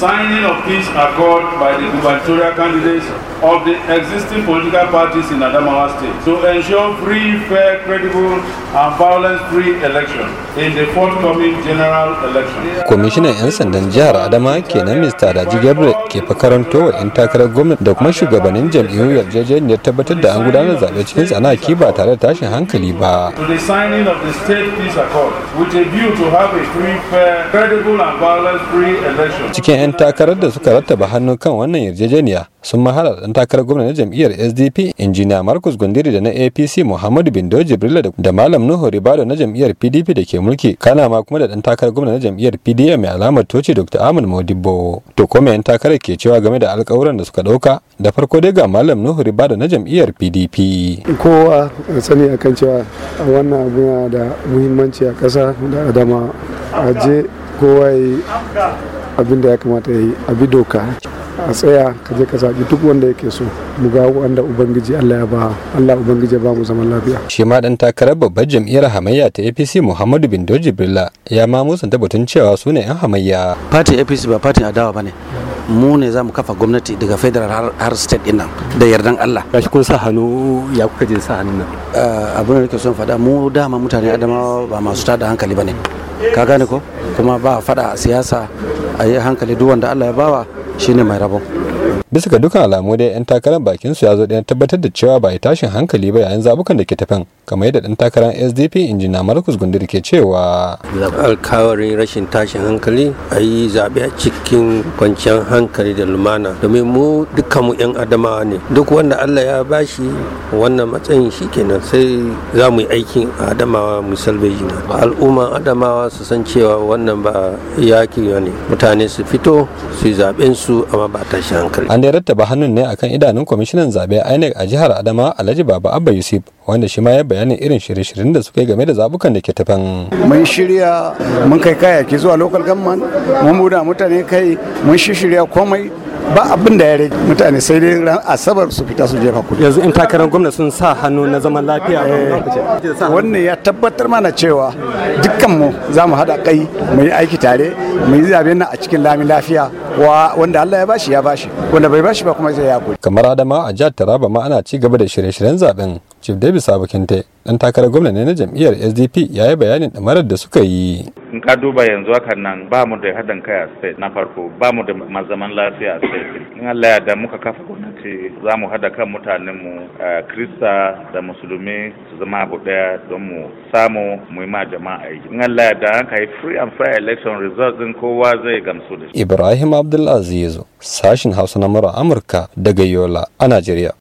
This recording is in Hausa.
signing of peace accord by the gubernatorial candidates of the existing political parties in Adamawa State to ensure free, fair, credible, and violence-free election in the forthcoming general election. Commissioner 'yan sandan jihar Adama kenan Mr. Adaji Gabriel ke fakaranto wa 'yan takarar gwamnati da kuma shugabannin jam'iyyun yarjejeniyar tabbatar da an gudanar zaɓe cikin tsanaki ba tare da tashin hankali ba. To the signing of the state peace accord with a view to have a free, fair, credible, and violence-free election. 'yan 'yan takarar da suka rattaba hannu kan wannan yarjejeniya sun mahalar dan takarar gwamnati na jam'iyyar SDP injiniya Marcus Gundiri da na APC Muhammadu Bindo Jibrila da Malam Nuhu Ribado na jam'iyyar PDP da ke mulki kana ma kuma da dan takarar gwamnati na jam'iyyar PDM mai alamar toce Dr. Ahmad modibo to kuma yan takarar ke cewa game da alƙawuran da suka dauka da farko dai ga Malam Nuhu Ribado na jam'iyyar PDP kowa sani akan cewa a wannan abu da muhimmanci a ƙasa da adama aje kowa abin da ya kamata ya yi a bi doka a tsaya ka je ka zaɓi duk wanda yake so mu ga wanda ubangiji Allah ya ba Allah ubangiji ba mu zaman lafiya shi ma dan takarar babbar jam'iyyar hamayya ta APC Muhammadu Bindo jibrila ya ma musanta batun cewa su ne yan hamayya fatin APC ba fatin adawa bane mu ne za mu kafa gwamnati daga federal har state din da yardan Allah shi kun sa hannu ya kuka je sa hannun nan eh, abin da nake son faɗa mu dama mutane adamawa ba masu tada hankali bane ka gane ko kuma ba faɗa a siyasa a yi hankali duk wanda allah ya bawa shine mai rabo. bisa ga dukkan alamu dai 'yan takarar bakin su ya zo ɗayan tabbatar da cewa ba ya tashin hankali ba yayin zabukan da ke tafin kamar yadda ɗan takarar sdp injina marcus gundiri ke cewa alkawarin rashin tashin hankali a yi zaɓe a cikin kwanciyar hankali da lumana domin mu dukkan mu yan adamawa ne duk wanda allah ya bashi wannan matsayin shi kenan sai za mu yi aikin adamawa mu salvejina al'umman adamawa su san cewa wannan ba yaki ne mutane su fito su yi zaɓen su amma ba tashin hankali an da rattaba hannun ne akan idanun kwamishinan zaɓe inec a jihar adama alhaji baba abba yusuf wanda shi ma ya bayanin irin shirye-shiryen da suka yi game da zabukan da ke tafan. Mun shirya mun kai kayaki zuwa local government mun buɗe mutane kai mun shirya komai ba abin da ya rage mutane sai dai ran asabar su fita su jefa kudi yanzu in takarar gwamna sun sa hannu na zaman lafiya eh, wannan ya tabbatar mana cewa dukkan mu za mu haɗa kai mu yi aiki tare mu yi zabe nan a cikin lami lafiya wanda Allah ya bashi ya bashi wanda bai bashi ba kuma zai ya kamar adama a jihar Taraba ma ana ci gaba da shirye-shiryen zaben chief david sabakinte dan takarar gwamna ne na jam'iyyar sdp ya yi bayanin damarar da suka yi in ka duba yanzu hakan nan ba mu da haɗin kai a state na farko ba mu da mazaman lafiya a state in allah da muka kafa gwamnati za mu haɗa kan mutanen mu krista da musulmi su zama abu ɗaya don mu samu mu yi ma jama'a yi in allah da an kai free and fair election results din kowa zai gamsu da shi ibrahim abdulaziz sashin hausa na mura amurka daga yola a najeriya